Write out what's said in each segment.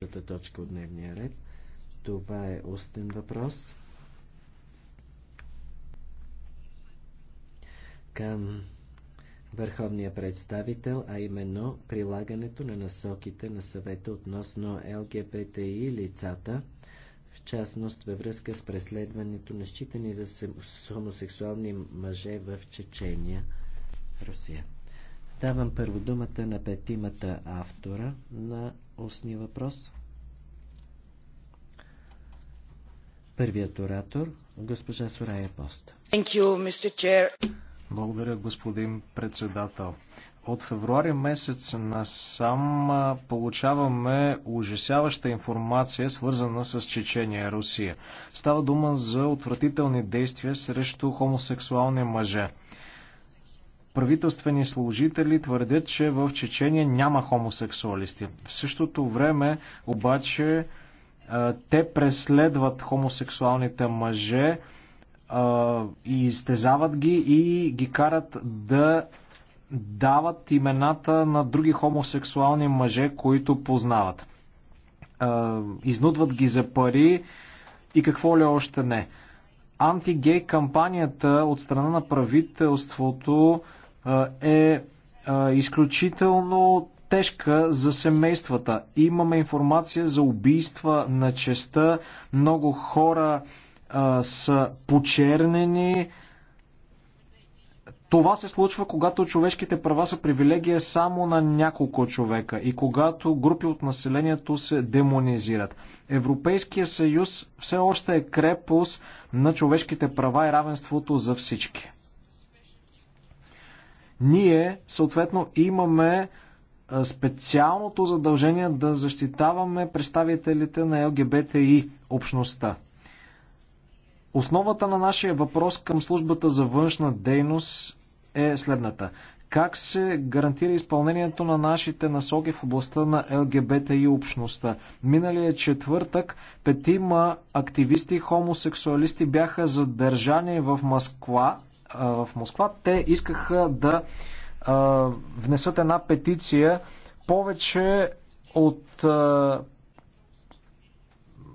първата точка от дневния ред. Това е устен въпрос към върховния представител, а именно прилагането на насоките на съвета относно ЛГБТИ лицата, в частност във връзка с преследването на считани за хомосексуални мъже в Чечения, Русия. Давам първо думата на петимата автора на устни въпрос. Първият оратор, госпожа Сурая Пост. You, Благодаря, господин председател. От февруари месец насам получаваме ужасяваща информация, свързана с Чечения, Русия. Става дума за отвратителни действия срещу хомосексуални мъже правителствени служители твърдят, че в Чечения няма хомосексуалисти. В същото време обаче те преследват хомосексуалните мъже и изтезават ги и ги карат да дават имената на други хомосексуални мъже, които познават. Изнудват ги за пари и какво ли още не. Антигей кампанията от страна на правителството е изключително тежка за семействата. Имаме информация за убийства на честа, много хора а, са почернени. Това се случва, когато човешките права са привилегия само на няколко човека и когато групи от населението се демонизират. Европейския съюз все още е крепост на човешките права и равенството за всички. Ние, съответно, имаме специалното задължение да защитаваме представителите на ЛГБТИ общността. Основата на нашия въпрос към службата за външна дейност е следната. Как се гарантира изпълнението на нашите насоки в областта на ЛГБТ и общността? Миналия четвъртък петима активисти хомосексуалисти бяха задържани в Москва в Москва, те искаха да внесат една петиция повече от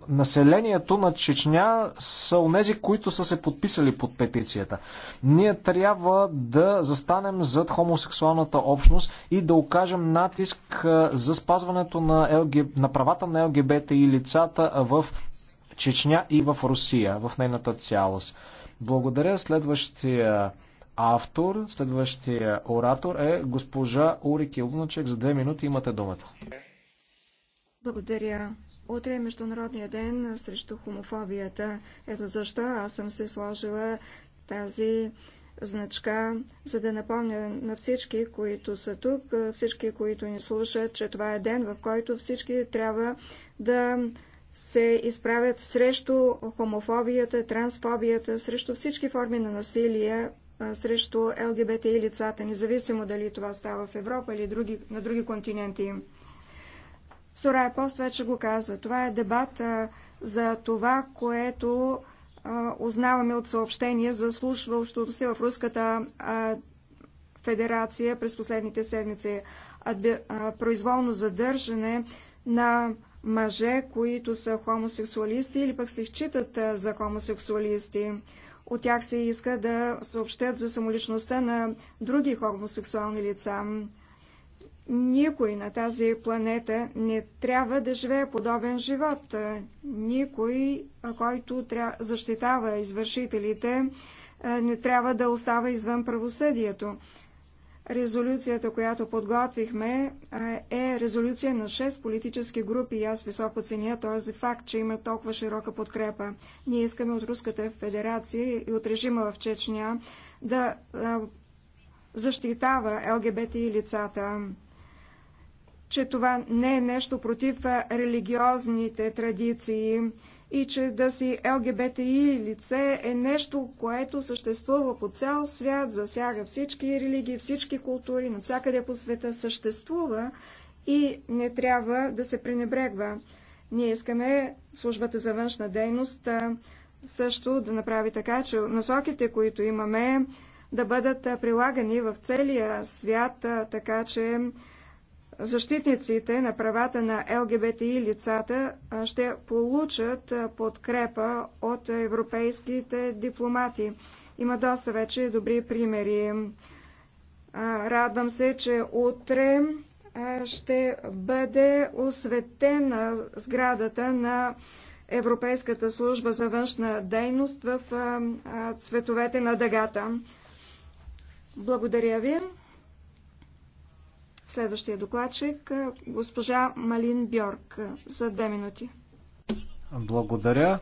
населението на Чечня са онези, които са се подписали под петицията. Ние трябва да застанем зад хомосексуалната общност и да окажем натиск за спазването на, ЛГ... на правата на ЛГБТ и лицата в Чечня и в Русия, в нейната цялост. Благодаря. Следващия автор, следващия оратор е госпожа Урики Луначек. За две минути имате думата. Благодаря. Утре е Международния ден срещу хомофобията. Ето защо аз съм се сложила тази значка, за да напомня на всички, които са тук, всички, които ни слушат, че това е ден, в който всички трябва да се изправят срещу хомофобията, трансфобията, срещу всички форми на насилие, срещу ЛГБТ и лицата, независимо дали това става в Европа или други, на други континенти. Сорая Пост вече го каза. Това е дебат за това, което а, узнаваме от съобщение за слушващото се в Руската а, федерация през последните седмици. а, произволно задържане на мъже, които са хомосексуалисти или пък се считат за хомосексуалисти. От тях се иска да съобщат за самоличността на други хомосексуални лица. Никой на тази планета не трябва да живее подобен живот. Никой, който защитава извършителите, не трябва да остава извън правосъдието. Резолюцията, която подготвихме, е резолюция на 6 политически групи и аз високо ценя този факт, че има толкова широка подкрепа. Ние искаме от Руската федерация и от режима в Чечня да защитава ЛГБТ и лицата, че това не е нещо против религиозните традиции, и че да си ЛГБТИ лице е нещо, което съществува по цял свят, засяга всички религии, всички култури, навсякъде по света съществува и не трябва да се пренебрегва. Ние искаме службата за външна дейност също да направи така, че насоките, които имаме, да бъдат прилагани в целия свят, така че Защитниците на правата на ЛГБТИ лицата ще получат подкрепа от европейските дипломати. Има доста вече добри примери. Радвам се, че утре ще бъде осветена сградата на Европейската служба за външна дейност в цветовете на дъгата. Благодаря ви. Следващия докладчик госпожа Малин Бьорк за две минути. Благодаря.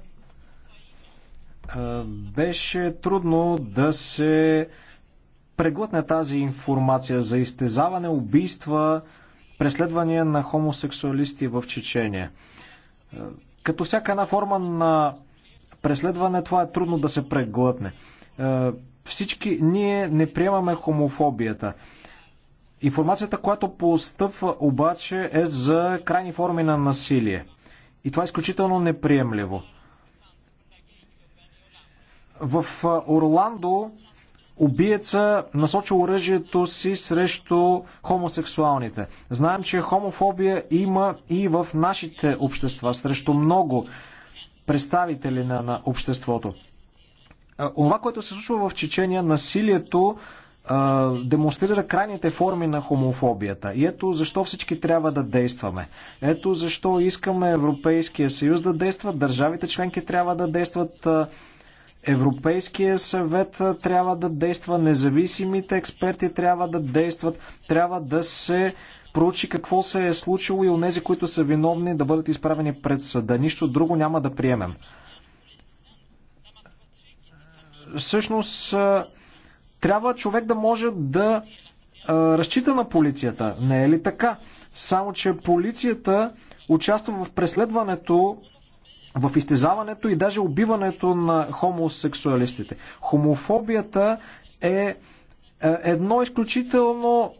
Беше трудно да се преглътне тази информация за изтезаване, убийства, преследвания на хомосексуалисти в Чечения. Като всяка една форма на преследване, това е трудно да се преглътне. Всички ние не приемаме хомофобията. Информацията, която постъпва обаче е за крайни форми на насилие. И това е изключително неприемливо. В Орландо убиеца насочил оръжието си срещу хомосексуалните. Знаем, че хомофобия има и в нашите общества, срещу много представители на, на обществото. Онова, което се случва в Чечения, насилието демонстрира крайните форми на хомофобията. И ето защо всички трябва да действаме. Ето защо искаме Европейския съюз да действа, държавите членки трябва да действат, Европейския съвет трябва да действа, независимите експерти трябва да действат, трябва да се проучи какво се е случило и у нези, които са виновни да бъдат изправени пред съда. Нищо друго няма да приемем всъщност трябва човек да може да разчита на полицията. Не е ли така? Само, че полицията участва в преследването, в изтезаването и даже убиването на хомосексуалистите. Хомофобията е, е едно изключително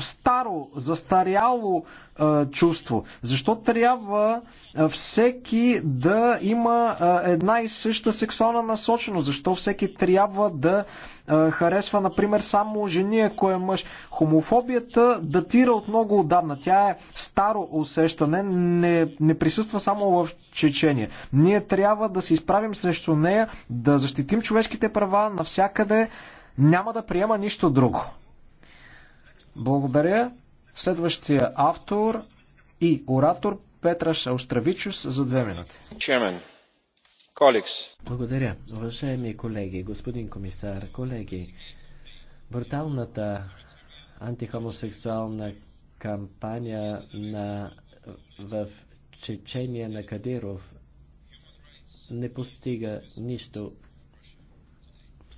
старо, застаряло а, е, чувство? Защо трябва е, всеки да има а, е, една и съща сексуална насоченост? Защо всеки трябва да а, харесва, например, само жени, ако е мъж? Хомофобията датира от много отдавна. Тя е старо усещане, не, не присъства само в Чечения. Ние трябва да се изправим срещу нея, да защитим човешките права навсякъде. Няма да приема нищо друго. Благодаря. Следващия автор и оратор Петра Шаустравичус за две минути. Chairman, Благодаря. Уважаеми колеги, господин комисар, колеги, бруталната антихомосексуална кампания на, в Чечения на Кадиров не постига нищо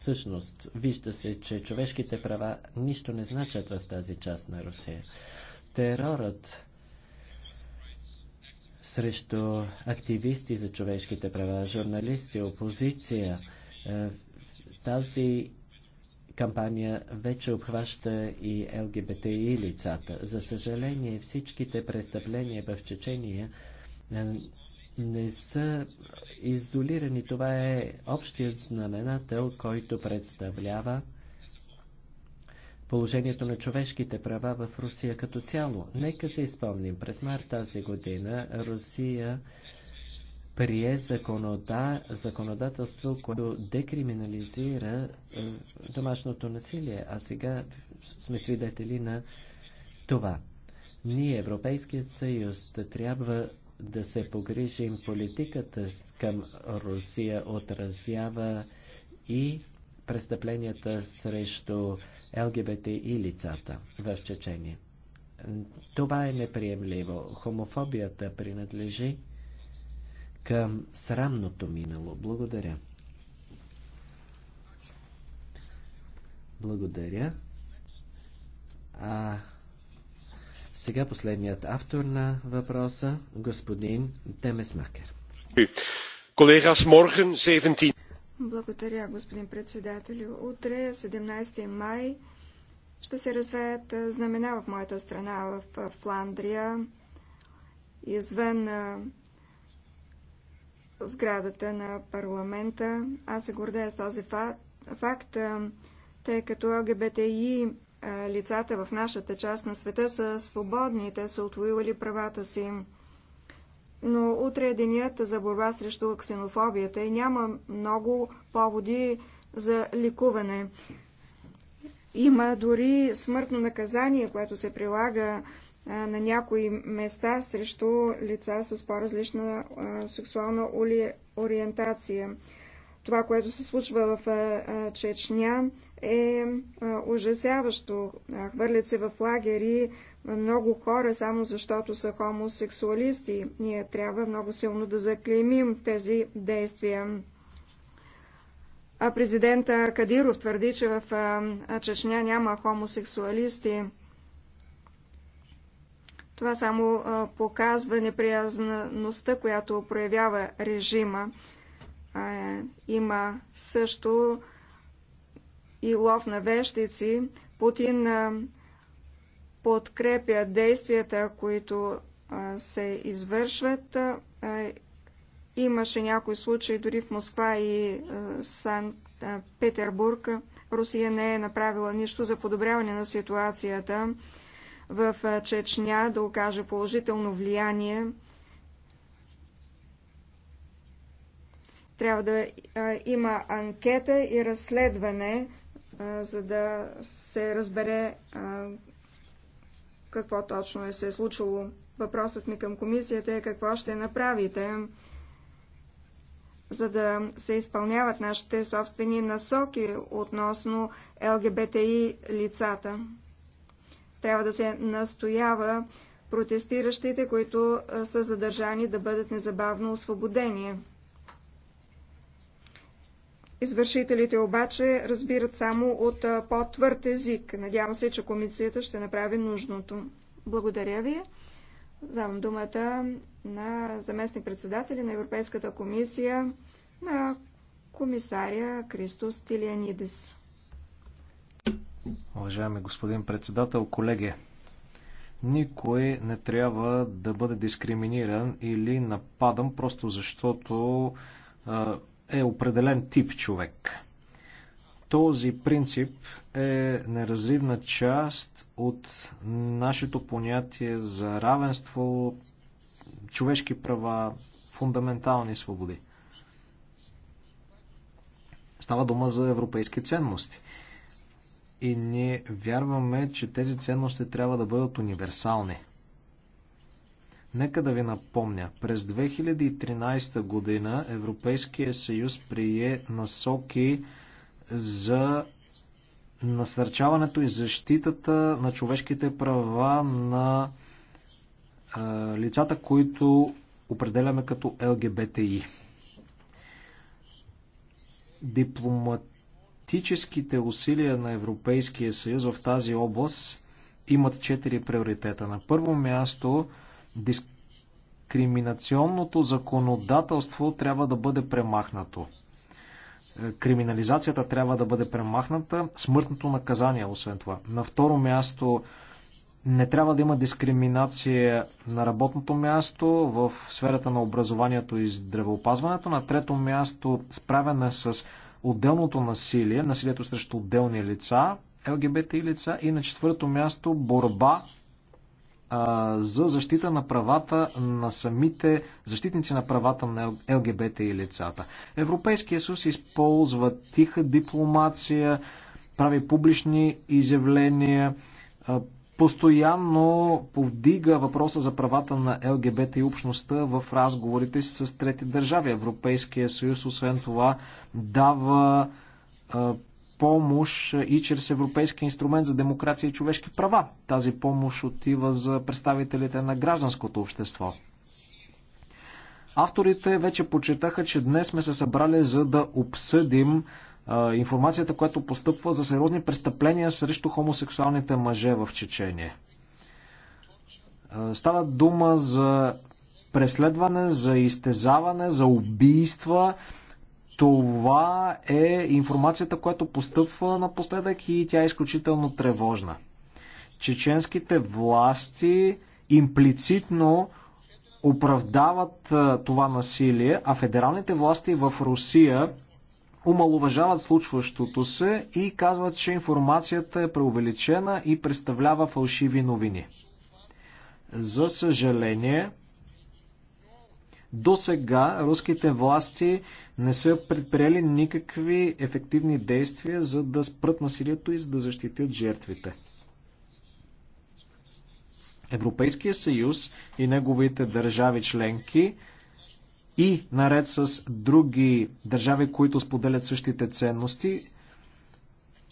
Всъщност, вижда се, че човешките права нищо не значат в тази част на Русия. Терорът срещу активисти за човешките права, журналисти, опозиция, е, тази кампания вече обхваща и ЛГБТИ лицата. За съжаление, всичките престъпления в Чечения е, не са изолирани. Това е общият знаменател, който представлява положението на човешките права в Русия като цяло. Нека се изпомним, през март тази година Русия прие законода, законодателство, което декриминализира е, домашното насилие, а сега сме свидетели на това. Ние, Европейският съюз, трябва да се погрижим, политиката към Русия отразява и престъпленията срещу ЛГБТ и лицата в Чечения. Това е неприемливо. Хомофобията принадлежи към срамното минало. Благодаря. Благодаря. А сега последният автор на въпроса, господин Демесмакер. Колегас, морген 17. Благодаря, господин председател. Утре, 17 май, ще се развеят знамена в моята страна, в Фландрия, извън сградата на парламента. Аз се гордея с този факт, тъй като ЛГБТИ лицата в нашата част на света са свободни, те са отвоювали правата си. Но утре е денят за борба срещу ксенофобията и няма много поводи за ликуване. Има дори смъртно наказание, което се прилага на някои места срещу лица с по-различна сексуална ориентация. Това, което се случва в Чечня е ужасяващо. Хвърлят се в лагери много хора, само защото са хомосексуалисти. Ние трябва много силно да заклеймим тези действия. А президента Кадиров твърди, че в Чечня няма хомосексуалисти. Това само показва неприязнаността, която проявява режима има също и лов на вещици. Путин подкрепя действията, които се извършват. Имаше някои случаи дори в Москва и Санкт-Петербург. Русия не е направила нищо за подобряване на ситуацията в Чечня, да окаже положително влияние Трябва да има анкета и разследване, за да се разбере какво точно е се е случило. Въпросът ми към комисията е какво ще направите, за да се изпълняват нашите собствени насоки относно ЛГБТИ лицата. Трябва да се настоява протестиращите, които са задържани да бъдат незабавно освободени. Извършителите обаче разбират само от по-твърд език. Надявам се, че комисията ще направи нужното. Благодаря ви. Давам думата на заместник председатели на Европейската комисия, на комисаря Кристос Тилианидис. Уважаеми господин председател, колеги, никой не трябва да бъде дискриминиран или нападан просто защото е определен тип човек. Този принцип е неразривна част от нашето понятие за равенство, човешки права, фундаментални свободи. Става дума за европейски ценности. И ние вярваме, че тези ценности трябва да бъдат универсални – Нека да ви напомня, през 2013 година Европейския съюз прие насоки за насърчаването и защитата на човешките права на е, лицата, които определяме като ЛГБТИ. Дипломатическите усилия на Европейския съюз в тази област имат четири приоритета. На първо място Дискриминационното законодателство трябва да бъде премахнато. Е, криминализацията трябва да бъде премахната, смъртното наказание, освен това. На второ място, не трябва да има дискриминация на работното място, в сферата на образованието и здравеопазването. На трето място, справяне с отделното насилие, насилието срещу отделни лица, ЛГБТ и лица. И на четвърто място, борба за защита на правата на самите защитници на правата на ЛГБТ и лицата. Европейския съюз използва тиха дипломация, прави публични изявления, постоянно повдига въпроса за правата на ЛГБТ и общността в разговорите с трети държави. Европейския съюз, освен това, дава помощ и чрез Европейския инструмент за демокрация и човешки права. Тази помощ отива за представителите на гражданското общество. Авторите вече почетаха, че днес сме се събрали за да обсъдим а, информацията, която постъпва за сериозни престъпления срещу хомосексуалните мъже в Чечения. Става дума за преследване, за изтезаване, за убийства, това е информацията, която постъпва напоследък и тя е изключително тревожна. Чеченските власти имплицитно оправдават това насилие, а федералните власти в Русия омалуважават случващото се и казват, че информацията е преувеличена и представлява фалшиви новини. За съжаление, до сега руските власти не са предприели никакви ефективни действия, за да спрат насилието и за да защитят жертвите. Европейския съюз и неговите държави членки и наред с други държави, които споделят същите ценности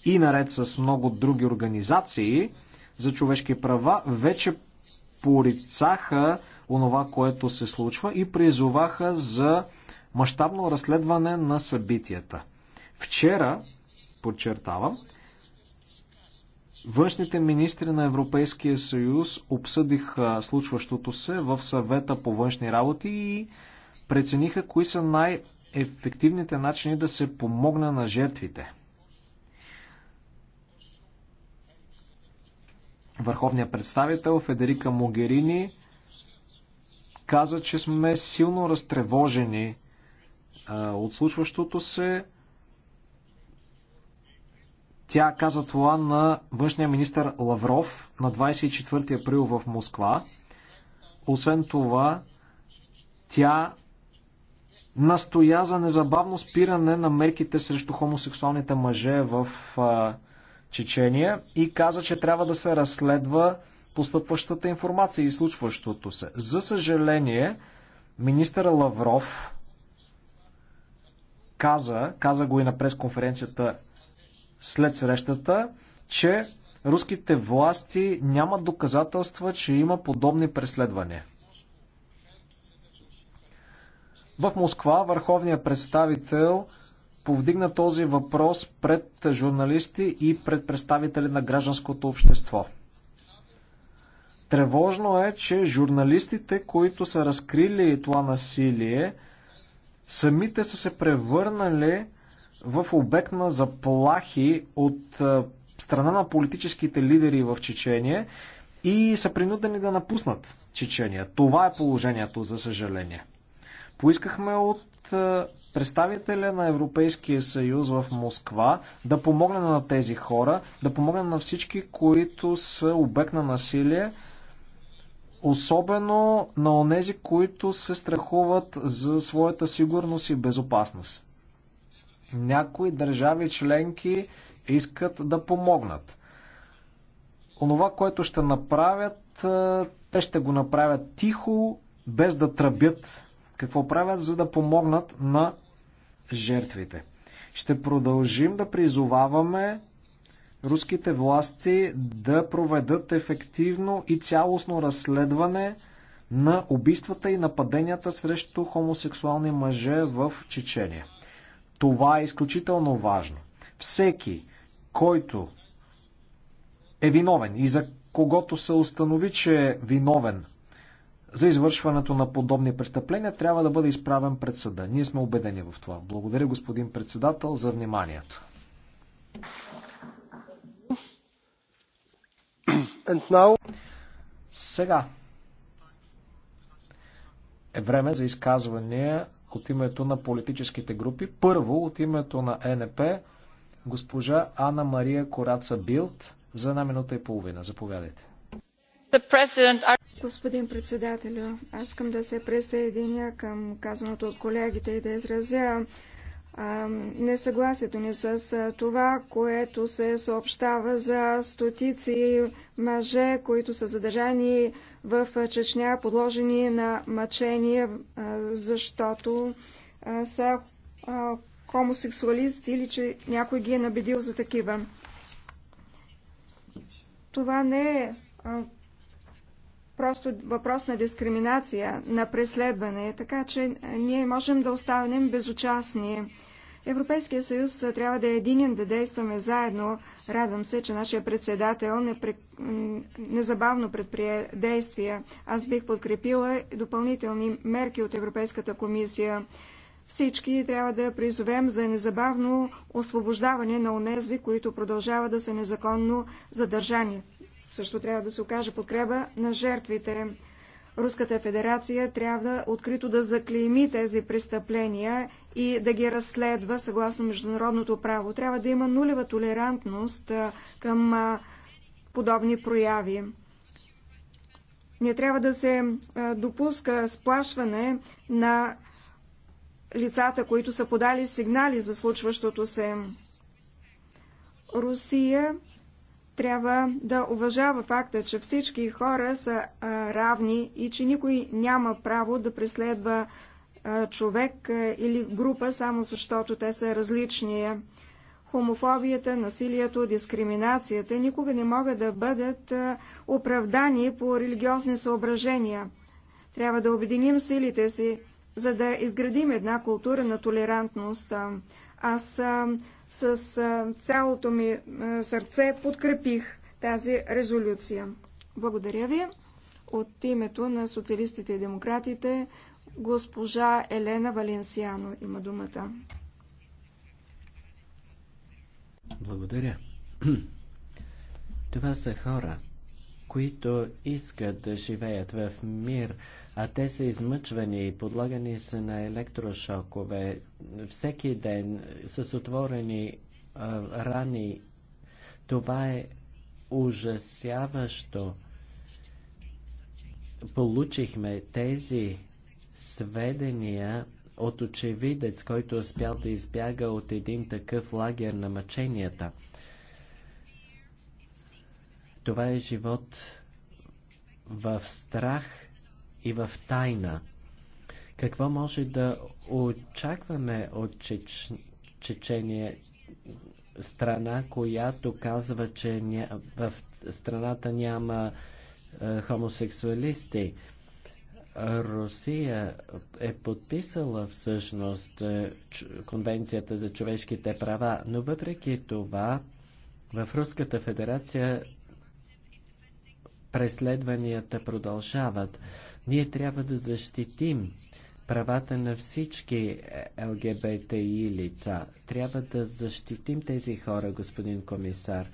и наред с много други организации за човешки права, вече порицаха онова, което се случва и призоваха за мащабно разследване на събитията. Вчера, подчертавам, външните министри на Европейския съюз обсъдиха случващото се в съвета по външни работи и прецениха кои са най-ефективните начини да се помогне на жертвите. Върховният представител Федерика Могерини каза, че сме силно разтревожени а, от случващото се. Тя каза това на външния министр Лавров на 24 април в Москва. Освен това, тя настоя за незабавно спиране на мерките срещу хомосексуалните мъже в а, Чечения и каза, че трябва да се разследва постъпващата информация и случващото се. За съжаление, министър Лавров каза, каза го и на пресконференцията след срещата, че руските власти нямат доказателства, че има подобни преследвания. В Москва върховният представител повдигна този въпрос пред журналисти и пред представители на гражданското общество. Тревожно е, че журналистите, които са разкрили това насилие, самите са се превърнали в обект на заплахи от страна на политическите лидери в Чечения и са принудени да напуснат Чечения. Това е положението, за съжаление. Поискахме от представителя на Европейския съюз в Москва да помогне на тези хора, да помогне на всички, които са обект на насилие особено на онези, които се страхуват за своята сигурност и безопасност. Някои държави членки искат да помогнат. Онова, което ще направят, е, те ще го направят тихо, без да тръбят какво правят, за да помогнат на жертвите. Ще продължим да призоваваме руските власти да проведат ефективно и цялостно разследване на убийствата и нападенията срещу хомосексуални мъже в Чечения. Това е изключително важно. Всеки, който е виновен и за когото се установи, че е виновен за извършването на подобни престъпления, трябва да бъде изправен пред съда. Ние сме убедени в това. Благодаря, господин председател, за вниманието. Сега е време за изказвания от името на политическите групи. Първо от името на НП госпожа Анна Мария Кораца Билт за една минута и половина. Заповядайте. Господин председателю, аз искам да се присъединя към казаното от колегите и да изразя несъгласието ни с това, което се съобщава за стотици мъже, които са задържани в Чечня, подложени на мъчение, защото са хомосексуалисти или че някой ги е набедил за такива. Това не е просто въпрос на дискриминация, на преследване, така че е, ние можем да останем безучастни. Европейския съюз е, трябва да е единен, да действаме заедно. Радвам се, че нашия председател незабавно предприе действия. Аз бих подкрепила допълнителни мерки от Европейската комисия. Всички трябва да призовем за незабавно освобождаване на онези, които продължават да са незаконно задържани. Също трябва да се окаже подкрепа на жертвите. Руската федерация трябва открито да заклейми тези престъпления и да ги разследва съгласно международното право. Трябва да има нулева толерантност към подобни прояви. Не трябва да се допуска сплашване на лицата, които са подали сигнали за случващото се. Русия трябва да уважава факта, че всички хора са а, равни и че никой няма право да преследва а, човек а, или група само защото те са различни. Хомофобията, насилието, дискриминацията никога не могат да бъдат а, оправдани по религиозни съображения. Трябва да обединим силите си, за да изградим една култура на толерантност. Аз а, с а, цялото ми а, сърце подкрепих тази резолюция. Благодаря ви. От името на социалистите и демократите, госпожа Елена Валенсиано има думата. Благодаря. Това са хора, които искат да живеят в мир, а те са измъчвани и подлагани са на електрошокове всеки ден с отворени а, рани. Това е ужасяващо. Получихме тези сведения от очевидец, който е успял да избяга от един такъв лагер на мъченията – това е живот в страх и в тайна. Какво може да очакваме от Чеч... Чечения страна, която казва, че ня... в страната няма е, хомосексуалисти? Русия е подписала всъщност е, Конвенцията за човешките права, но въпреки това в Руската федерация преследванията продължават. Ние трябва да защитим правата на всички ЛГБТИ лица. Трябва да защитим тези хора, господин комисар.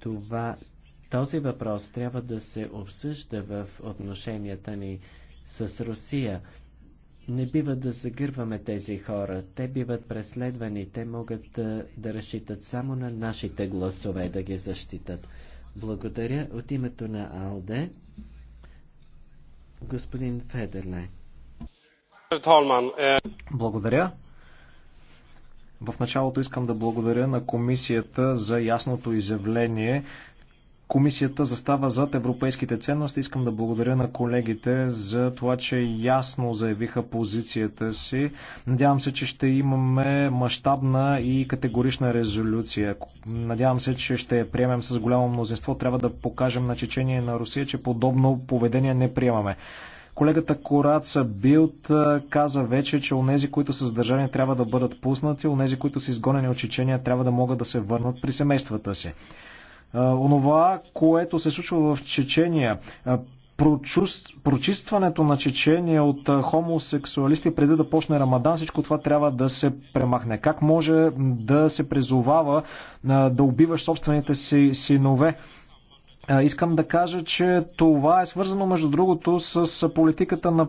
Това, този въпрос трябва да се обсъжда в отношенията ни с Русия. Не бива да загърваме тези хора. Те биват преследвани. Те могат да, да разчитат само на нашите гласове да ги защитат. Благодаря от името на АЛДЕ. Господин Федерле. Е, благодаря. В началото искам да благодаря на комисията за ясното изявление. Комисията застава зад европейските ценности. Искам да благодаря на колегите за това, че ясно заявиха позицията си. Надявам се, че ще имаме мащабна и категорична резолюция. Надявам се, че ще я приемем с голямо мнозинство. Трябва да покажем на Чечения и на Русия, че подобно поведение не приемаме. Колегата Кораца Билт каза вече, че онези, които са задържани, трябва да бъдат пуснати, онези, които са изгонени от Чечения, трябва да могат да се върнат при семействата си онова, което се случва в Чечения. Прочистването на Чечения от хомосексуалисти преди да почне Рамадан, всичко това трябва да се премахне. Как може да се призовава да убиваш собствените си синове? Искам да кажа, че това е свързано, между другото, с политиката на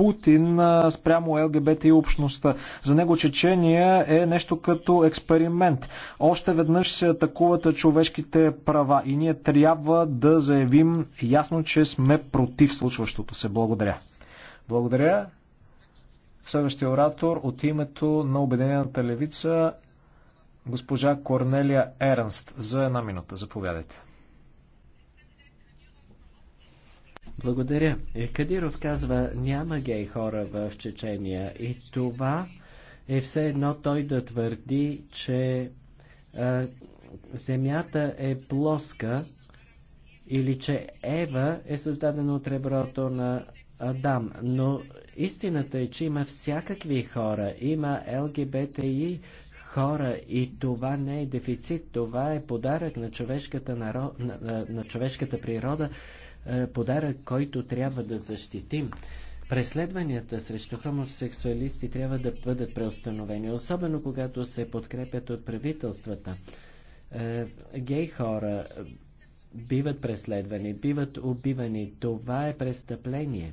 Путин спрямо ЛГБТ и общността. За него Чечения е нещо като експеримент. Още веднъж се атакуват човешките права и ние трябва да заявим ясно, че сме против случващото се. Благодаря. Благодаря. Следващия оратор от името на Обединената левица госпожа Корнелия Ернст за една минута. Заповядайте. Благодаря. Е, Кадиров казва, няма гей хора в Чечения и това е все едно той да твърди, че а, земята е плоска или че Ева е създадена от реброто на Адам. Но истината е, че има всякакви хора. Има ЛГБТИ хора и това не е дефицит, това е подарък на човешката, народ, на, на, на човешката природа е, подарък, който трябва да защитим. Преследванията срещу хомосексуалисти трябва да бъдат преустановени, особено когато се подкрепят от правителствата. Е, гей хора е, биват преследвани, биват убивани. Това е престъпление.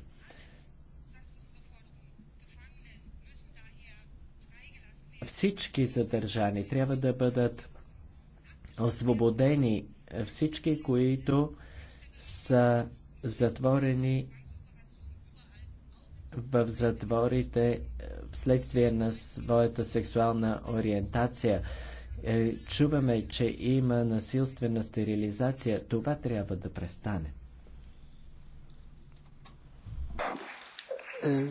Всички задържани трябва да бъдат освободени. Всички, които са затворени в затворите е, вследствие на своята сексуална ориентация. Е, чуваме, че има насилствена стерилизация. Това трябва да престане. Е,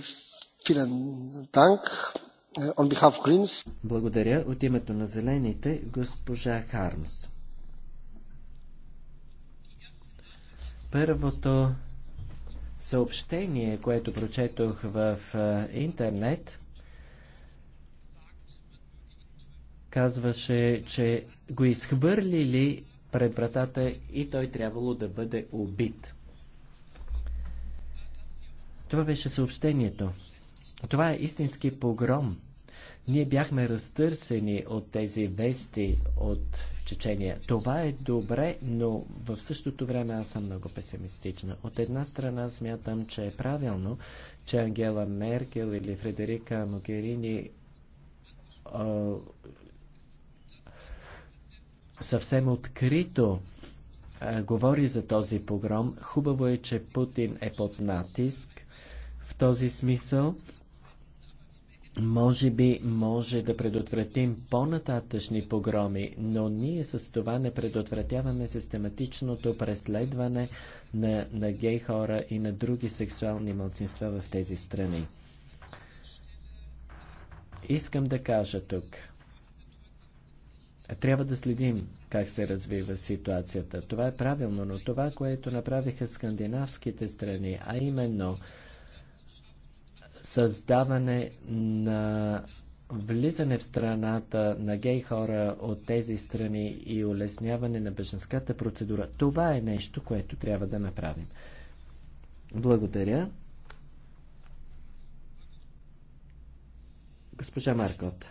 Благодаря. От името на зелените, госпожа Хармс. Първото съобщение, което прочетох в интернет, казваше, че го изхвърлили пред вратата и той трябвало да бъде убит. Това беше съобщението. Това е истински погром. Ние бяхме разтърсени от тези вести от Чечения. Това е добре, но в същото време аз съм много песимистична. От една страна смятам, че е правилно, че Ангела Меркел или Фредерика Могерини съвсем открито а, говори за този погром. Хубаво е, че Путин е под натиск в този смисъл. Може би може да предотвратим по-нататъчни погроми, но ние с това не предотвратяваме систематичното преследване на, на гей хора и на други сексуални мълцинства в тези страни. Искам да кажа тук. Трябва да следим как се развива ситуацията. Това е правилно, но това, което направиха скандинавските страни, а именно създаване на влизане в страната на гей хора от тези страни и улесняване на беженската процедура. Това е нещо, което трябва да направим. Благодаря. Госпожа Маркот.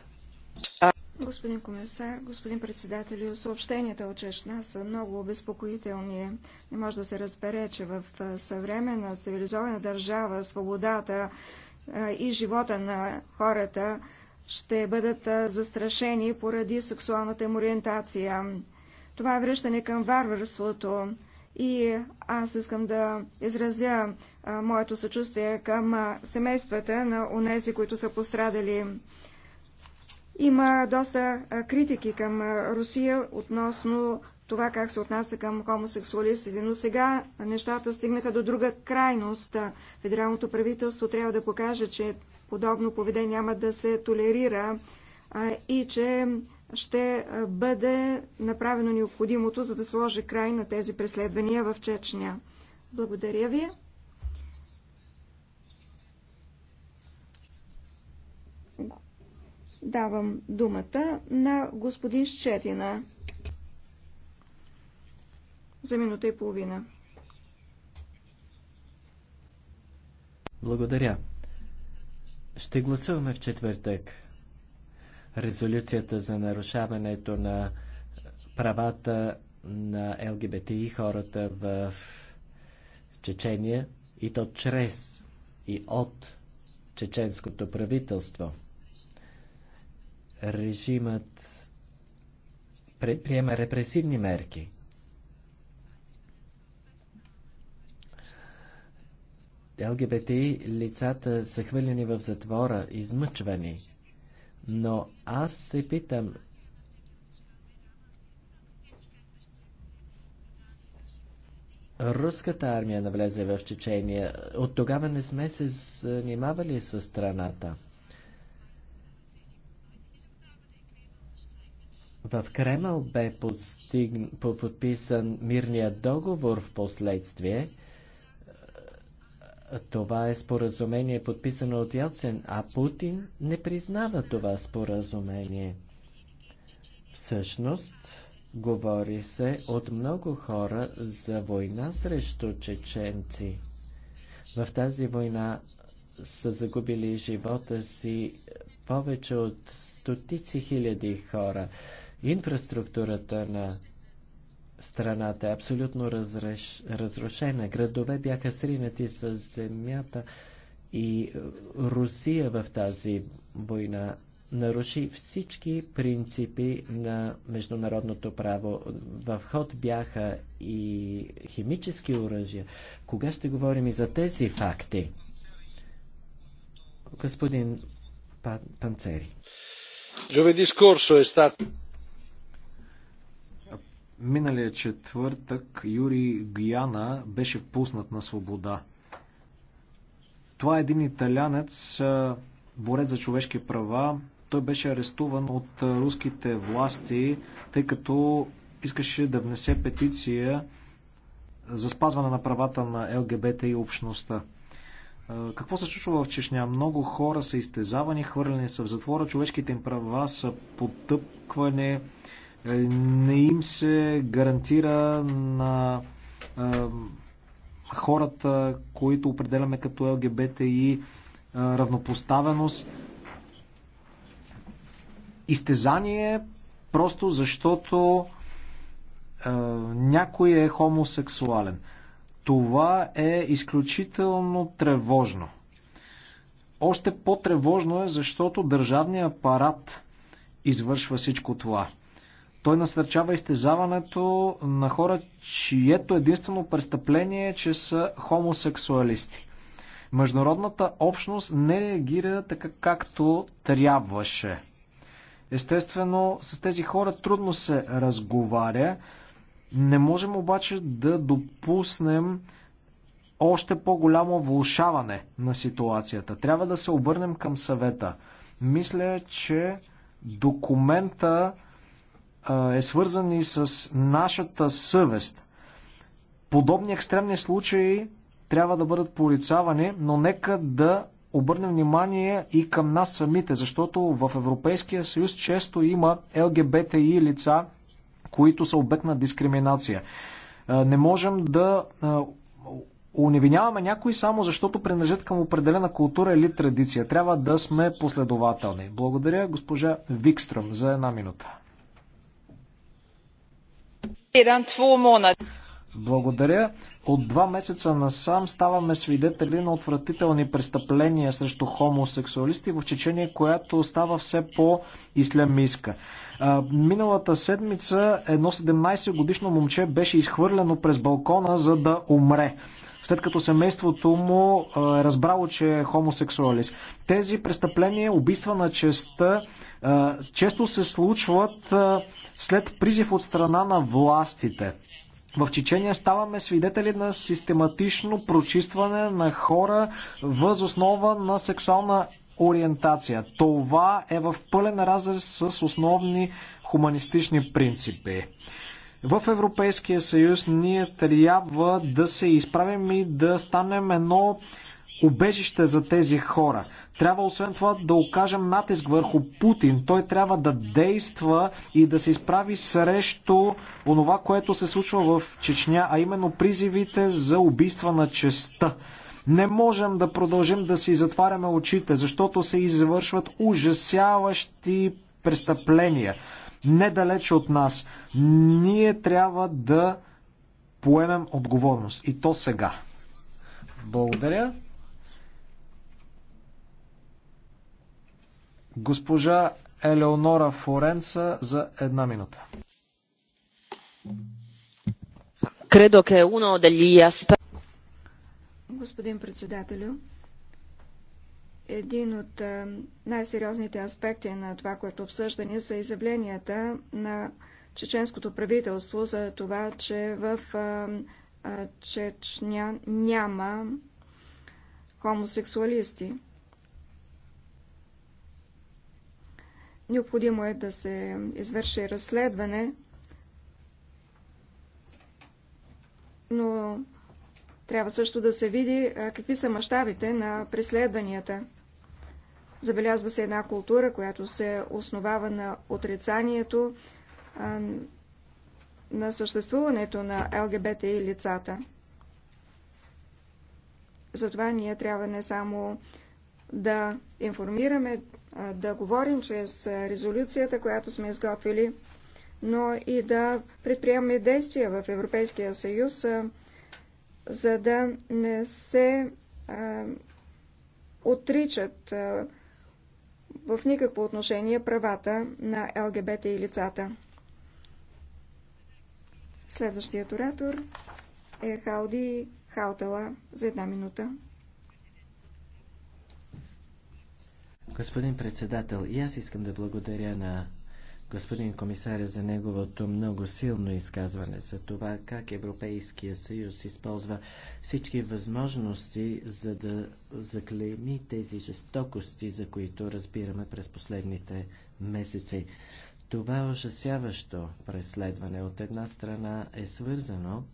Господин комисар, господин председател, съобщенията от Чешна са много обезпокоителни. Не може да се разбере, че в съвременна цивилизована държава свободата и живота на хората ще бъдат застрашени поради сексуалната им ориентация. Това е връщане към варварството и аз искам да изразя моето съчувствие към семействата на унези, които са пострадали. Има доста критики към Русия относно това как се отнася към хомосексуалистите. Но сега нещата стигнаха до друга крайност. Федералното правителство трябва да покаже, че подобно поведение няма да се толерира а, и че ще бъде направено необходимото, за да сложи край на тези преследвания в Чечня. Благодаря ви. Давам думата на господин Щетина за минута и половина. Благодаря. Ще гласуваме в четвъртък резолюцията за нарушаването на правата на ЛГБТ и хората в Чечения и то чрез и от чеченското правителство. Режимът предприема репресивни мерки – ЛГБТ лицата са хвърлени в затвора, измъчвани. Но аз се питам, Руската армия навлезе в Чечения. От тогава не сме се занимавали с страната. В Кремъл бе подстиг... подписан мирният договор в последствие – това е споразумение подписано от Ялцин, а Путин не признава това споразумение. Всъщност, говори се от много хора за война срещу чеченци. В тази война са загубили живота си повече от стотици хиляди хора. Инфраструктурата на страната е абсолютно разреш, разрушена. Градове бяха сринати с земята и е, Русия в тази война наруши всички принципи на международното право. В ход бяха и химически оръжия. Кога ще говорим и за тези факти? Господин Панцери. Giovedì scorso è stato Миналия четвъртък Юрий Гиана беше пуснат на свобода. Това е един италянец, борец за човешки права. Той беше арестуван от руските власти, тъй като искаше да внесе петиция за спазване на правата на ЛГБТ и общността. Какво се случва в Чечня? Много хора са изтезавани, хвърлени са в затвора, човешките им права са потъпквани, е, не им се гарантира на е, хората, които определяме като ЛГБТ и е, равнопоставеност. Изтезание просто защото е, някой е хомосексуален. Това е изключително тревожно. Още по-тревожно е, защото държавният апарат извършва всичко това. Той насърчава изтезаването на хора, чието единствено престъпление е, че са хомосексуалисти. Международната общност не реагира така както трябваше. Естествено, с тези хора трудно се разговаря. Не можем обаче да допуснем още по-голямо влушаване на ситуацията. Трябва да се обърнем към съвета. Мисля, че документа е свързан и с нашата съвест. Подобни екстремни случаи трябва да бъдат порицавани, но нека да обърнем внимание и към нас самите, защото в Европейския съюз често има ЛГБТИ лица, които са обект на дискриминация. Не можем да уневиняваме някои само защото принадлежат към определена култура или традиция. Трябва да сме последователни. Благодаря госпожа Викстром за една минута. Благодаря. От два месеца насам ставаме свидетели на отвратителни престъпления срещу хомосексуалисти в Чечения, която става все по-ислямистка. Миналата седмица едно 17-годишно момче беше изхвърлено през балкона, за да умре след като семейството му е разбрало, че е хомосексуалист. Тези престъпления, убийства на честа, често се случват след призив от страна на властите. В Чечения ставаме свидетели на систематично прочистване на хора въз основа на сексуална ориентация. Това е в пълен разрез с основни хуманистични принципи. В Европейския съюз ние трябва да се изправим и да станем едно убежище за тези хора. Трябва освен това да окажем натиск върху Путин. Той трябва да действа и да се изправи срещу онова, което се случва в Чечня, а именно призивите за убийства на честа. Не можем да продължим да си затваряме очите, защото се извършват ужасяващи престъпления недалече от нас. Ние трябва да поемем отговорност. И то сега. Благодаря. Госпожа Елеонора Форенца за една минута. Господин председателю, един от най-сериозните аспекти на това, което обсъждане, са изявленията на чеченското правителство за това, че в Чечня няма хомосексуалисти. Необходимо е да се извърши разследване, но трябва също да се види какви са мащабите на преследванията. Забелязва се една култура, която се основава на отрицанието а, на съществуването на ЛГБТ и лицата. Затова ние трябва не само да информираме, а, да говорим чрез резолюцията, която сме изготвили, но и да предприемаме действия в Европейския съюз, а, за да не се отричат в никакво отношение правата на ЛГБТ и лицата. Следващият оратор е Халди Хаутала за една минута. Господин председател, и аз искам да благодаря на господин комисаря за неговото много силно изказване за това как Европейския съюз използва всички възможности за да заклейми тези жестокости, за които разбираме през последните месеци. Това ужасяващо преследване от една страна е свързано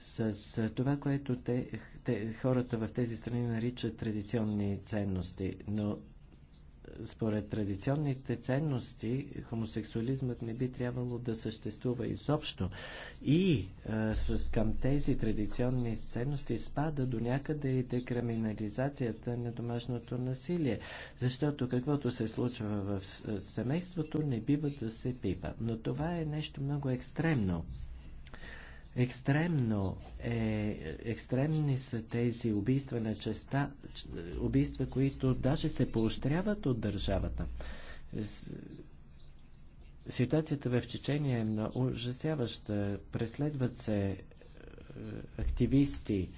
с това, което те, те, хората в тези страни наричат традиционни ценности, но според традиционните ценности хомосексуализмът не би трябвало да съществува изобщо. И а, е, с, към тези традиционни ценности спада до някъде и декриминализацията на домашното насилие, защото каквото се случва в е, семейството не бива да се пипа. Но това е нещо много екстремно. Екстремно е, екстремни са тези убийства на честа, убийства, които даже се поощряват от държавата. Ситуацията в Чечения е много ужасяваща. Преследват се е, активисти,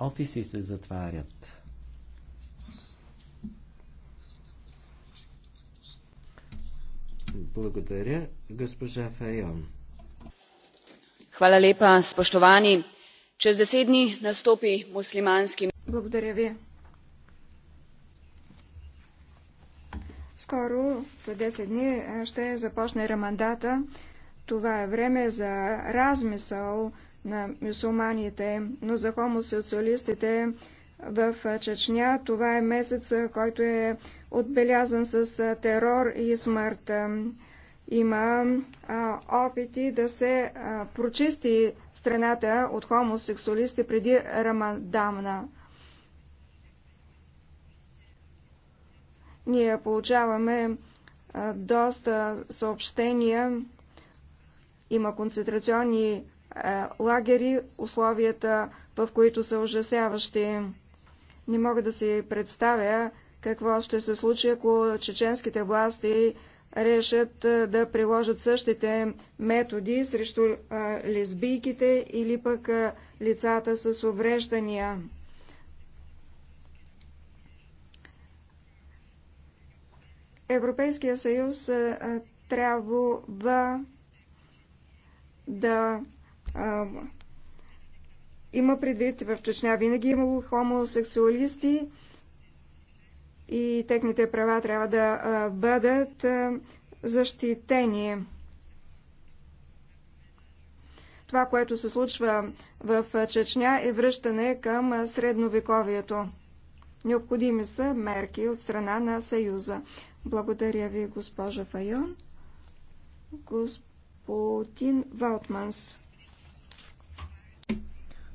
офиси се затварят. Благодаря, госпожа Файон spoštovani čez deset dni nastopi muslimanski. благодаря ви. скоро след 10 дни ще започне рамандата. Това е време за размисъл на мюсулманите, но за хомосоциалистите в Чечня това е месец, който е отбелязан с терор и смърт. Има а, опити да се а, прочисти страната от хомосексуалисти преди Рамадамна. Ние получаваме а, доста съобщения. Има концентрационни а, лагери, условията в които са ужасяващи. Не мога да си представя какво ще се случи, ако чеченските власти решат да приложат същите методи срещу лесбийките или пък лицата с увреждания. Европейския съюз трябва да има предвид, в Чечня винаги е имало хомосексуалисти, и техните права трябва да бъдат защитени. Това, което се случва в Чечня е връщане към средновековието. Необходими са мерки от страна на Съюза. Благодаря ви, госпожа Файон. Господин Валтманс.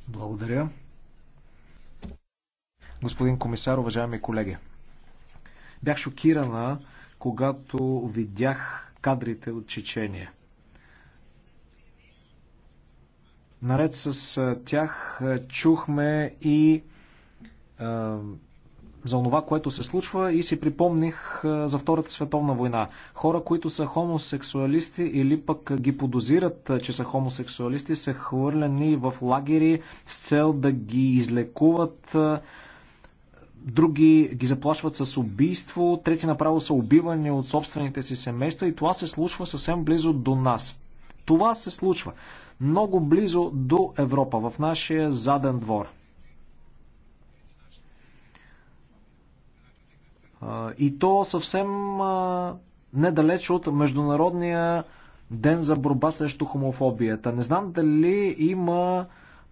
Благодаря. Господин комисар, уважаеми колеги. Бях шокирана, когато видях кадрите от Чечения. Наред с тях чухме и за това, което се случва и си припомних за Втората световна война. Хора, които са хомосексуалисти или пък ги подозират, че са хомосексуалисти, са хвърлени в лагери с цел да ги излекуват други ги заплашват с убийство, трети направо са убивани от собствените си семейства и това се случва съвсем близо до нас. Това се случва много близо до Европа, в нашия заден двор. И то съвсем недалеч от Международния ден за борба срещу хомофобията. Не знам дали има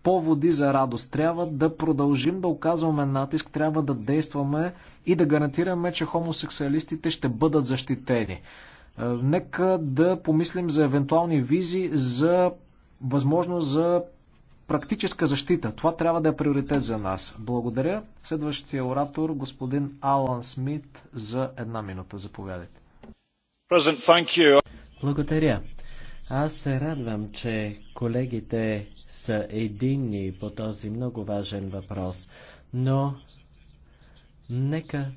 поводи за радост. Трябва да продължим да оказваме натиск, трябва да действаме и да гарантираме, че хомосексуалистите ще бъдат защитени. Е, нека да помислим за евентуални визи за възможност за практическа защита. Това трябва да е приоритет за нас. Благодаря. Следващия оратор, господин Алан Смит, за една минута. Заповядайте. Благодаря. Аз се радвам, че колегите са единни по този много важен въпрос, но нека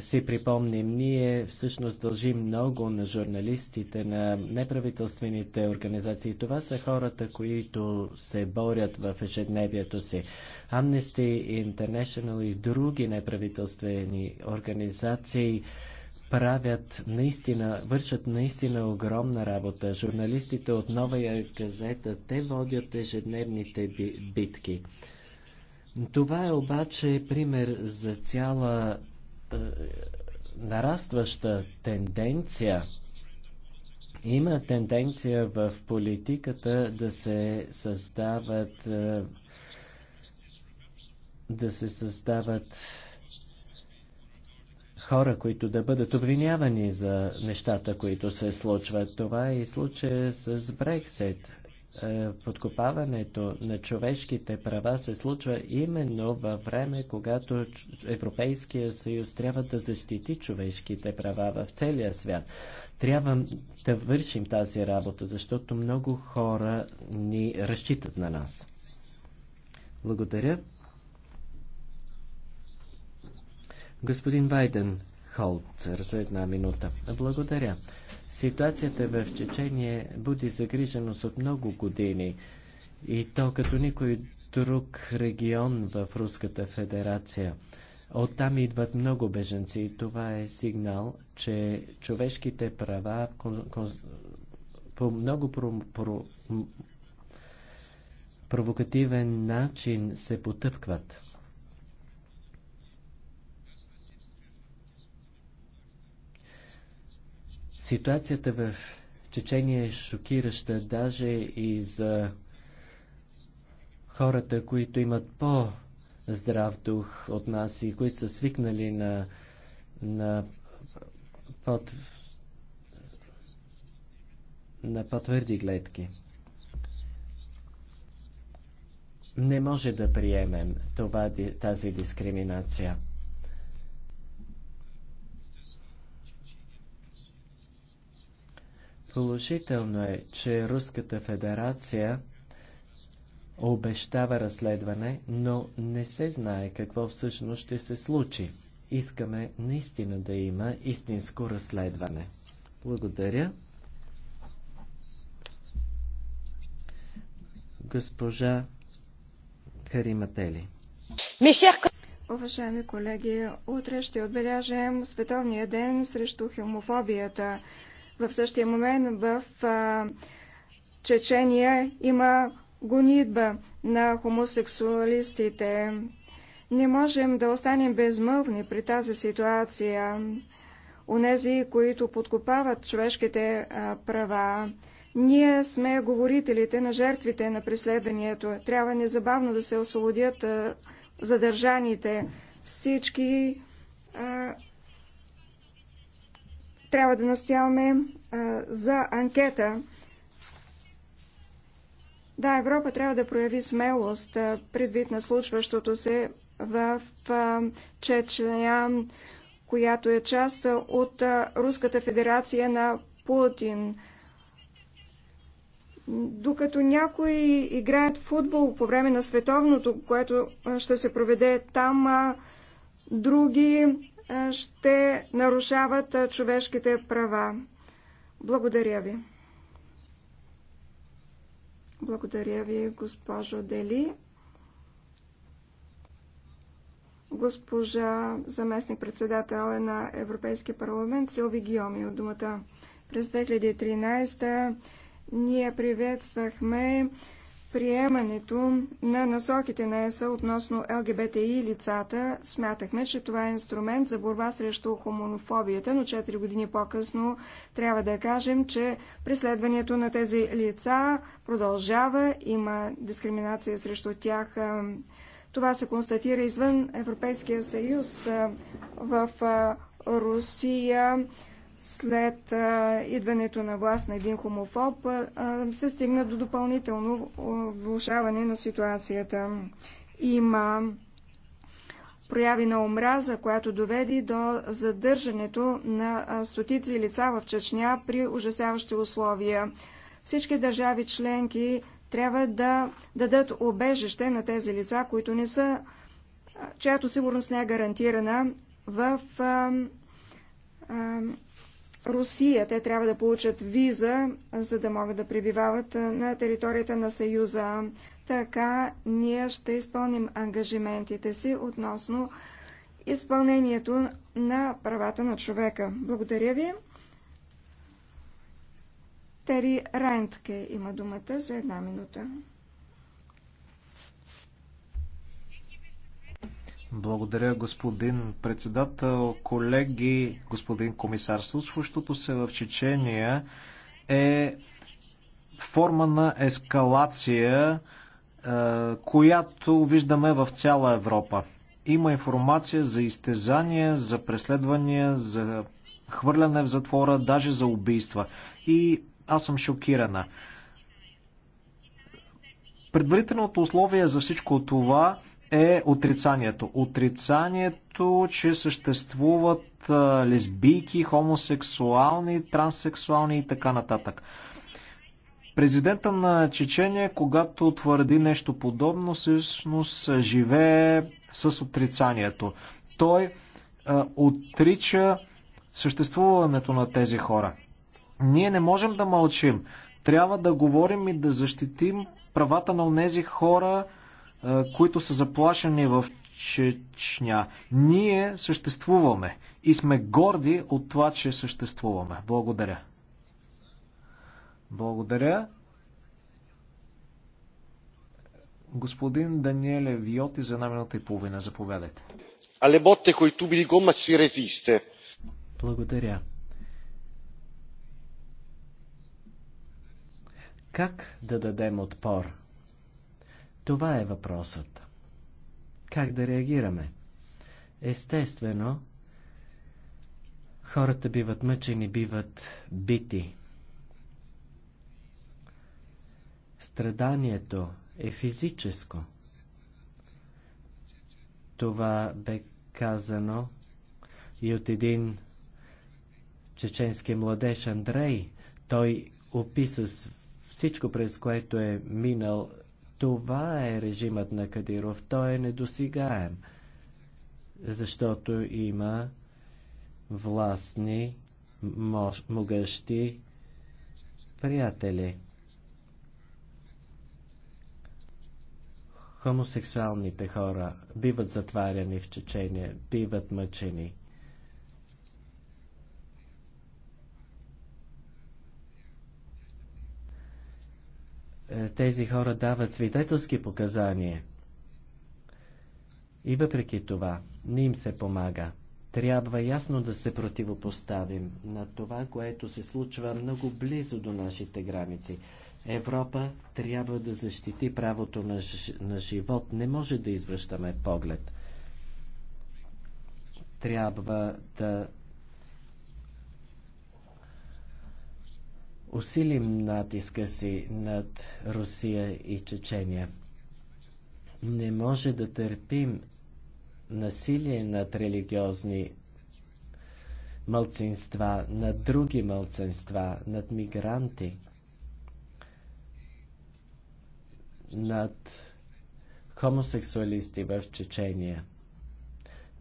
си припомним, ние всъщност дължим много на журналистите, на неправителствените организации. Това са хората, които се борят в ежедневието си. Amnesty International и други неправителствени организации – правят наистина, вършат наистина огромна работа. Журналистите от новая газета, те водят ежедневните битки. Това е обаче пример за цяла е, нарастваща тенденция. Има тенденция в политиката да се създават е, да се създават хора, които да бъдат обвинявани за нещата, които се случват. Това е и случая с Брексит. Е, подкопаването на човешките права се случва именно във време, когато Европейския съюз трябва да защити човешките права в целия свят. Трябва да вършим тази работа, защото много хора ни разчитат на нас. Благодаря. Господин Байден Холцер за една минута. Благодаря. Ситуацията в Чечение буди загриженост от много години и то като никой друг регион в Руската федерация. Оттам идват много беженци и това е сигнал, че човешките права по много про, про, провокативен начин се потъпкват. Ситуацията в Чечения е шокираща даже и за хората, които имат по-здрав дух от нас и които са свикнали на, на, под, на по-твърди гледки. Не може да приемем това, тази дискриминация. Положително е, че Руската федерация обещава разследване, но не се знае какво всъщност ще се случи. Искаме наистина да има истинско разследване. Благодаря. Госпожа Кариматели. Уважаеми колеги, утре ще отбележим Световния ден срещу хемофобията в същия момент в Чечения има гонитба на хомосексуалистите. Не можем да останем безмълвни при тази ситуация. Онези, които подкопават човешките права, ние сме говорителите на жертвите на преследването. Трябва незабавно да се освободят задържаните. Всички трябва да настояваме за анкета. Да, Европа трябва да прояви смелост предвид на случващото се в Чечня, която е част от Руската федерация на Путин. Докато някои играят футбол по време на световното, което ще се проведе там, други ще нарушават човешките права. Благодаря ви. Благодаря ви, госпожо Дели. Госпожа заместник-председател е на Европейския парламент Силви Гиоми от думата. През 2013 ние приветствахме приемането на насоките на ЕСА относно ЛГБТИ лицата, смятахме, че това е инструмент за борба срещу хомонофобията, но 4 години по-късно трябва да кажем, че преследването на тези лица продължава, има дискриминация срещу тях. Това се констатира извън Европейския съюз в Русия, след идването на власт на един хомофоб, се стигна до допълнително влушаване на ситуацията. Има прояви на омраза, която доведе до задържането на стотици лица в Чечня при ужасяващи условия. Всички държави членки трябва да дадат обежище на тези лица, които не са, чиято сигурност не е гарантирана в Русия. Те трябва да получат виза, за да могат да пребивават на територията на Съюза. Така ние ще изпълним ангажиментите си относно изпълнението на правата на човека. Благодаря ви. Тери Райнтке има думата за една минута. Благодаря, господин председател. Колеги, господин комисар, случващото се в Чечения е форма на ескалация, е, която виждаме в цяла Европа. Има информация за изтезания, за преследвания, за хвърляне в затвора, даже за убийства. И аз съм шокирана. Предварителното условие за всичко това е отрицанието. Отрицанието, че съществуват лесбийки, хомосексуални, транссексуални и така нататък. Президента на Чечения, когато твърди нещо подобно, всъщност живее с отрицанието. Той а, отрича съществуването на тези хора. Ние не можем да мълчим. Трябва да говорим и да защитим правата на тези хора, които са заплашени в Чечня. Ние съществуваме и сме горди от това, че съществуваме. Благодаря. Благодаря. Господин Даниеле Виоти за една минута и половина. Заповядайте. Але ботте, кои ту били гома, си резисте. Благодаря. Как да дадем отпор? Това е въпросът. Как да реагираме? Естествено, хората биват мъчени, биват бити. Страданието е физическо. Това бе казано и от един чеченски младеж Андрей. Той описа всичко, през което е минал това е режимът на Кадиров. Той е недосигаем, защото има властни, могъщи приятели. Хомосексуалните хора биват затваряни в Чечения, биват мъчени – Е, тези хора дават свидетелски показания. И въпреки това, не им се помага. Трябва ясно да се противопоставим на това, което се случва много близо до нашите граници. Европа трябва да защити правото на, ж... на живот. Не може да извръщаме поглед. Трябва да усилим натиска си над Русия и Чечения. Не може да търпим насилие над религиозни мълцинства, над други мълцинства, над мигранти, над хомосексуалисти в Чечения.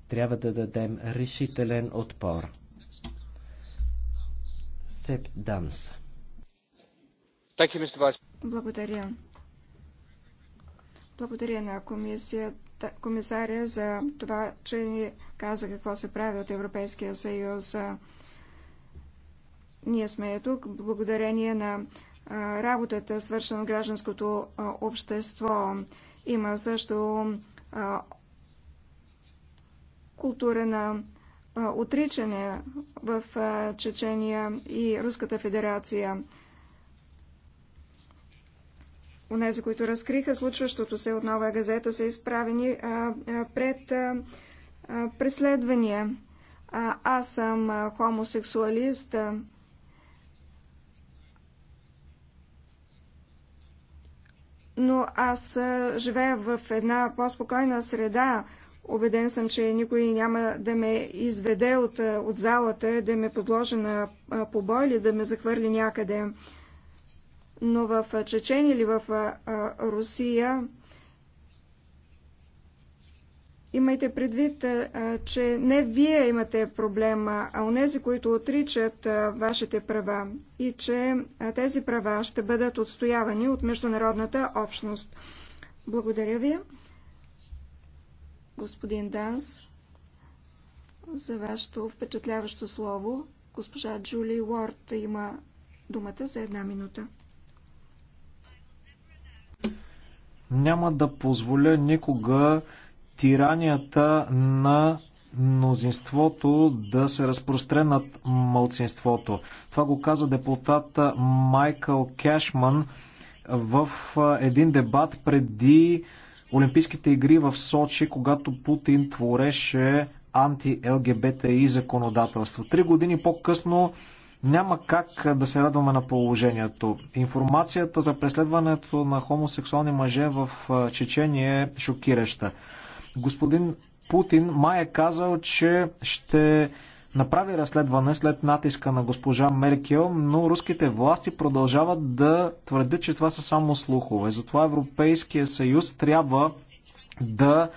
Трябва да дадем решителен отпор. Сеп Данс. Благодаря. Благодаря на комисията, комисаря за това, че ни каза какво се прави от Европейския съюз. Ние сме тук благодарение на работата, свършена от гражданското общество. Има също култура на отричане в Чечения и Руската федерация. Онези, които разкриха случващото се от нова газета, са изправени а, пред а, преследвания. А, аз съм а, хомосексуалист. А, но аз а, живея в една по-спокойна среда. Обеден съм, че никой няма да ме изведе от, от залата, да ме подложи на побой или да ме захвърли някъде но в Чечения или в Русия имайте предвид, че не вие имате проблема, а онези, които отричат вашите права и че тези права ще бъдат отстоявани от международната общност. Благодаря ви, господин Данс, за вашето впечатляващо слово. Госпожа Джули Уорд има думата за една минута. Няма да позволя никога тиранията на мнозинството да се разпростре над мълцинството. Това го каза депутата Майкъл Кешман в един дебат преди Олимпийските игри в Сочи, когато Путин твореше анти-ЛГБТИ законодателство. Три години по-късно няма как да се радваме на положението. Информацията за преследването на хомосексуални мъже в Чечения е шокираща. Господин Путин май е казал, че ще направи разследване след натиска на госпожа Меркел, но руските власти продължават да твърдят, че това са само слухове. Затова Европейския съюз трябва да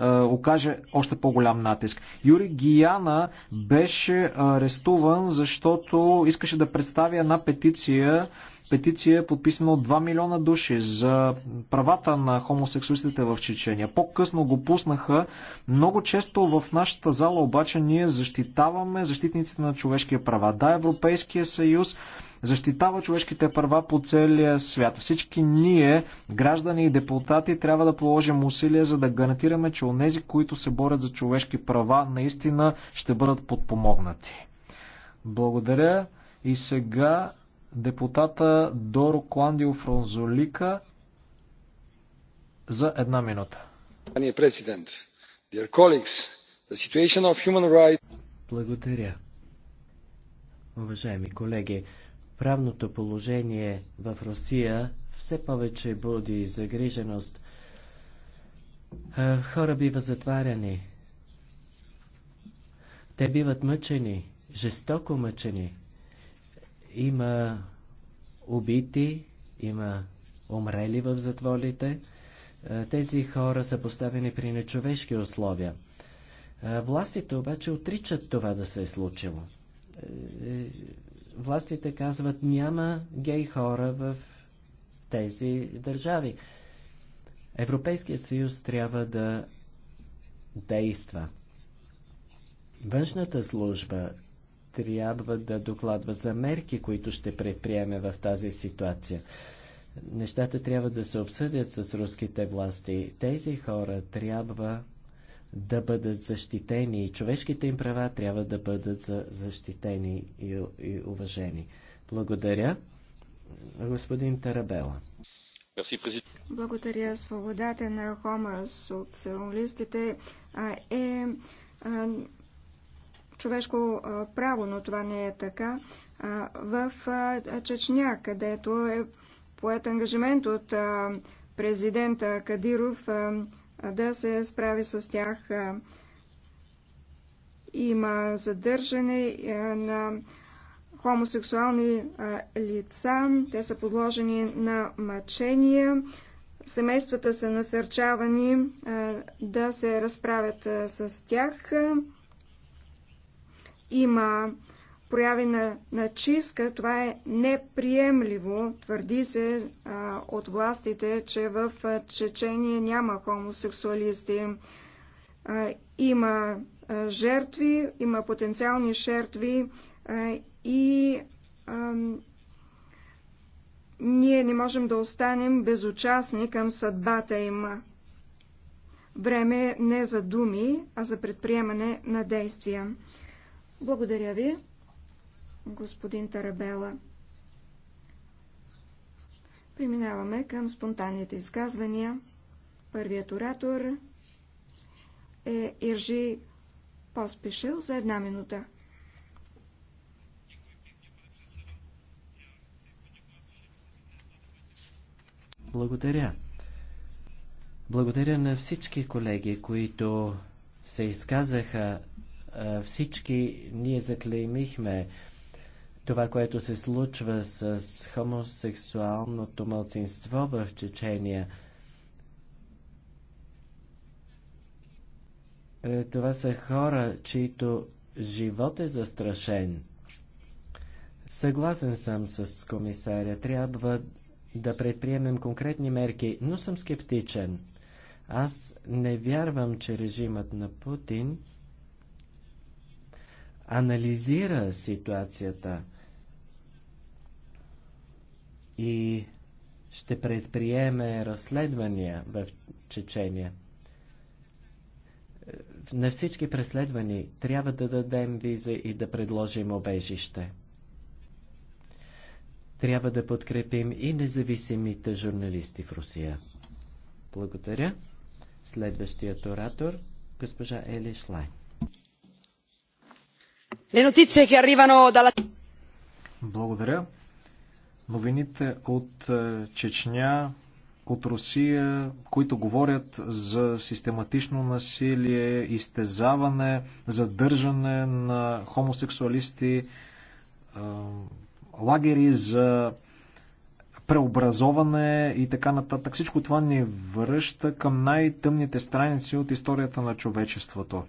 е, окаже още по-голям натиск. Юри Гияна беше е, арестуван, защото искаше да представи една петиция, петиция подписана от 2 милиона души за правата на хомосексуалистите в Чечения. По-късно го пуснаха. Много често в нашата зала обаче ние защитаваме защитниците на човешкия права. Да, Европейския съюз защитава човешките права по целия свят. Всички ние, граждани и депутати, трябва да положим усилия, за да гарантираме, че онези, които се борят за човешки права, наистина ще бъдат подпомогнати. Благодаря. И сега депутата Доро Кландио Фронзолика за една минута. Благодаря. Уважаеми колеги, правното положение в Русия все повече буди загриженост. Е, хора биват затваряни. Те биват мъчени, жестоко мъчени. Има убити, има умрели в затворите. Е, тези хора са поставени при нечовешки условия. Е, властите обаче отричат това да се е случило властите казват няма гей хора в тези държави. Европейския съюз трябва да действа. Външната служба трябва да докладва за мерки, които ще предприеме в тази ситуация. Нещата трябва да се обсъдят с руските власти. Тези хора трябва да бъдат защитени и човешките им права трябва да бъдат защитени и, и уважени. Благодаря. Господин Тарабела. Благодаря. Свободата на социалистите е човешко право, но това не е така. В Чечня, където е поет ангажимент от президента Кадиров, да се справи с тях. Има задържане на хомосексуални лица, те са подложени на мъчения, семействата са насърчавани да се разправят с тях. Има прояви на, на чистка, това е неприемливо. Твърди се а, от властите, че в Чечения няма хомосексуалисти. А, има а, жертви, има потенциални жертви а, и а, ние не можем да останем безучастни към съдбата им. Време е не за думи, а за предприемане на действия. Благодаря ви господин Тарабела. Преминаваме към спонтанните изказвания. Първият оратор е Иржи Поспешил за една минута. Благодаря. Благодаря на всички колеги, които се изказаха. Всички ние заклеймихме това, което се случва с хомосексуалното мълцинство в Чечения. Е, това са хора, чието живот е застрашен. Съгласен съм с комисаря. Трябва да предприемем конкретни мерки, но съм скептичен. Аз не вярвам, че режимът на Путин анализира ситуацията и ще предприеме разследвания в Чечения. На всички преследвани трябва да дадем виза и да предложим обежище. Трябва да подкрепим и независимите журналисти в Русия. Благодаря. Следващият оратор – госпожа Ели Шлайн. Благодаря. Новините от е, Чечня, от Русия, които говорят за систематично насилие, изтезаване, задържане на хомосексуалисти, е, лагери за преобразоване и така нататък. Всичко това ни връща към най-тъмните страници от историята на човечеството.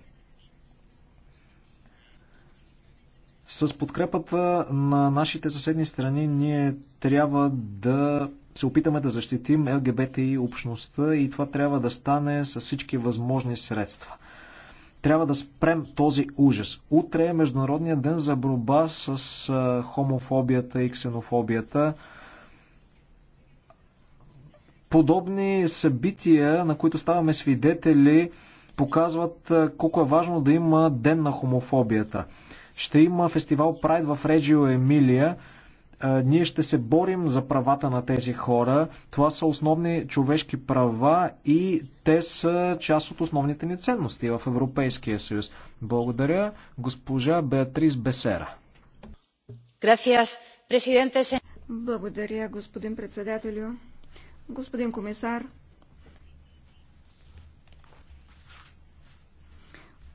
С подкрепата на нашите съседни страни ние трябва да се опитаме да защитим ЛГБТ и общността и това трябва да стане с всички възможни средства. Трябва да спрем този ужас. Утре е Международният ден за борба с хомофобията и ксенофобията. Подобни събития, на които ставаме свидетели, показват колко е важно да има ден на хомофобията. Ще има фестивал Прайд в Реджио Емилия. Ние ще се борим за правата на тези хора. Това са основни човешки права и те са част от основните ни ценности в Европейския съюз. Благодаря, госпожа Беатрис Бесера. Благодаря, господин председателю. Господин комисар,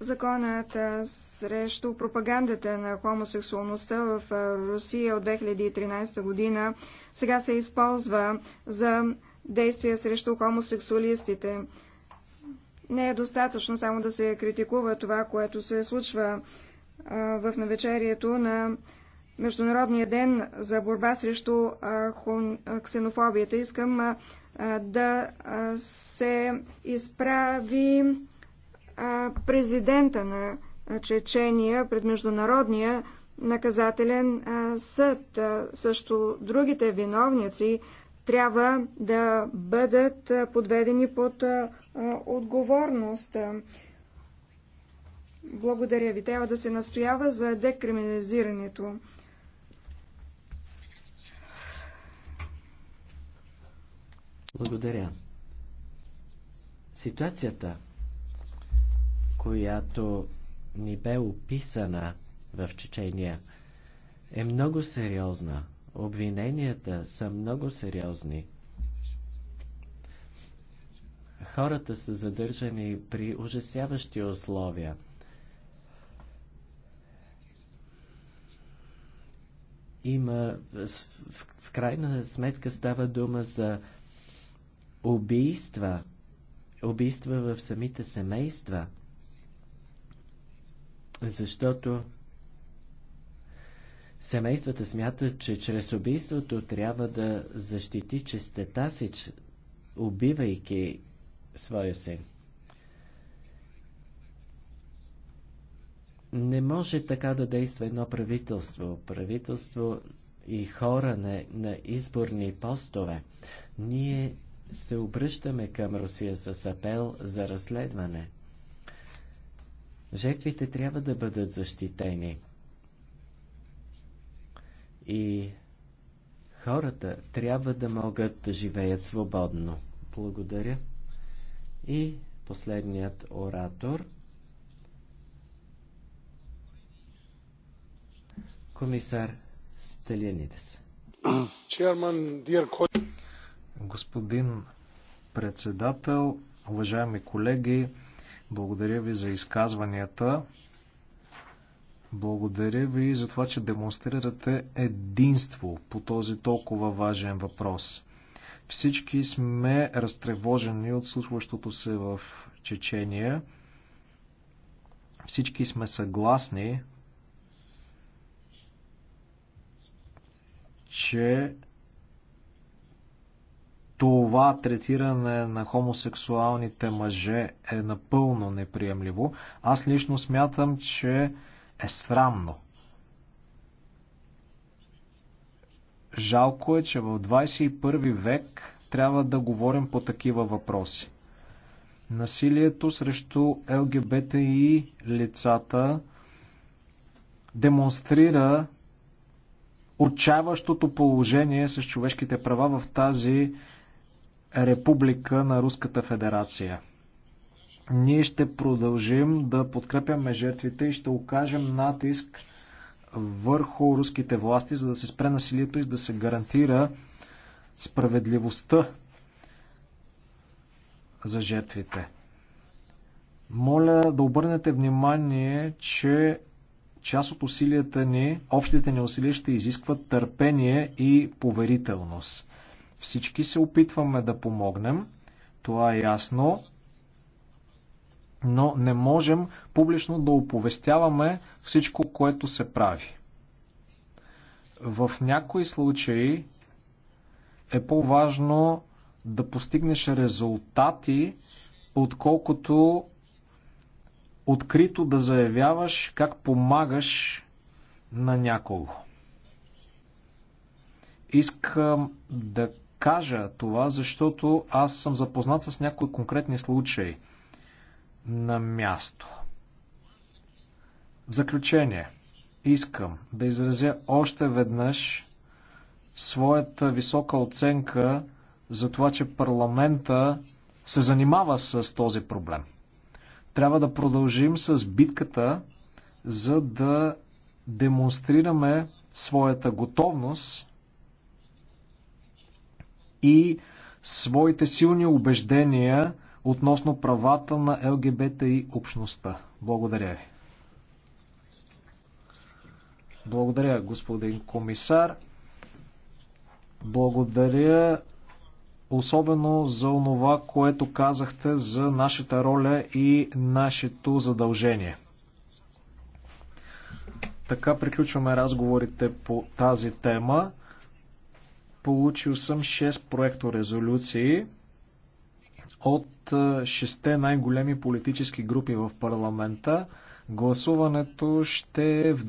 Законът срещу пропагандата на хомосексуалността в Русия от 2013 година сега се използва за действия срещу хомосексуалистите. Не е достатъчно само да се критикува това, което се случва в навечерието на Международния ден за борба срещу ксенофобията. Искам да се изправи президента на Чечения пред Международния наказателен съд. Също другите виновници трябва да бъдат подведени под отговорност. Благодаря ви. Трябва да се настоява за декриминализирането. Благодаря. Ситуацията която ни бе описана в Чечения, е много сериозна. Обвиненията са много сериозни. Хората са задържани при ужасяващи условия. Има, в, в крайна сметка става дума за убийства, убийства в самите семейства – защото семействата смятат, че чрез убийството трябва да защити честета си, убивайки своя син. Не може така да действа едно правителство. Правителство и хора на, на изборни постове. Ние се обръщаме към Русия с апел за разследване – Жертвите трябва да бъдат защитени. И хората трябва да могат да живеят свободно. Благодаря. И последният оратор. Комисар Стелянидес. Господин председател, уважаеми колеги, благодаря ви за изказванията. Благодаря ви за това, че демонстрирате единство по този толкова важен въпрос. Всички сме разтревожени от случващото се в Чечения. Всички сме съгласни, че това третиране на хомосексуалните мъже е напълно неприемливо. Аз лично смятам, че е срамно. Жалко е, че в 21 век трябва да говорим по такива въпроси. Насилието срещу ЛГБТИ лицата демонстрира отчаяващото положение с човешките права в тази република на Руската федерация. Ние ще продължим да подкрепяме жертвите и ще окажем натиск върху руските власти, за да се спре насилието и за да се гарантира справедливостта за жертвите. Моля да обърнете внимание, че част от усилията ни, общите ни усилия ще изискват търпение и поверителност. Всички се опитваме да помогнем, това е ясно, но не можем публично да оповестяваме всичко, което се прави. В някои случаи е по-важно да постигнеш резултати, отколкото открито да заявяваш как помагаш на някого. Искам да кажа това, защото аз съм запознат с някои конкретни случаи на място. В заключение, искам да изразя още веднъж своята висока оценка за това, че парламента се занимава с този проблем. Трябва да продължим с битката, за да демонстрираме своята готовност и своите силни убеждения относно правата на ЛГБТ и общността. Благодаря ви. Благодаря, господин комисар. Благодаря особено за онова, което казахте за нашата роля и нашето задължение. Така приключваме разговорите по тази тема. Получил съм 6 проекто резолюции от 6 най-големи политически групи в парламента. Гласуването ще е в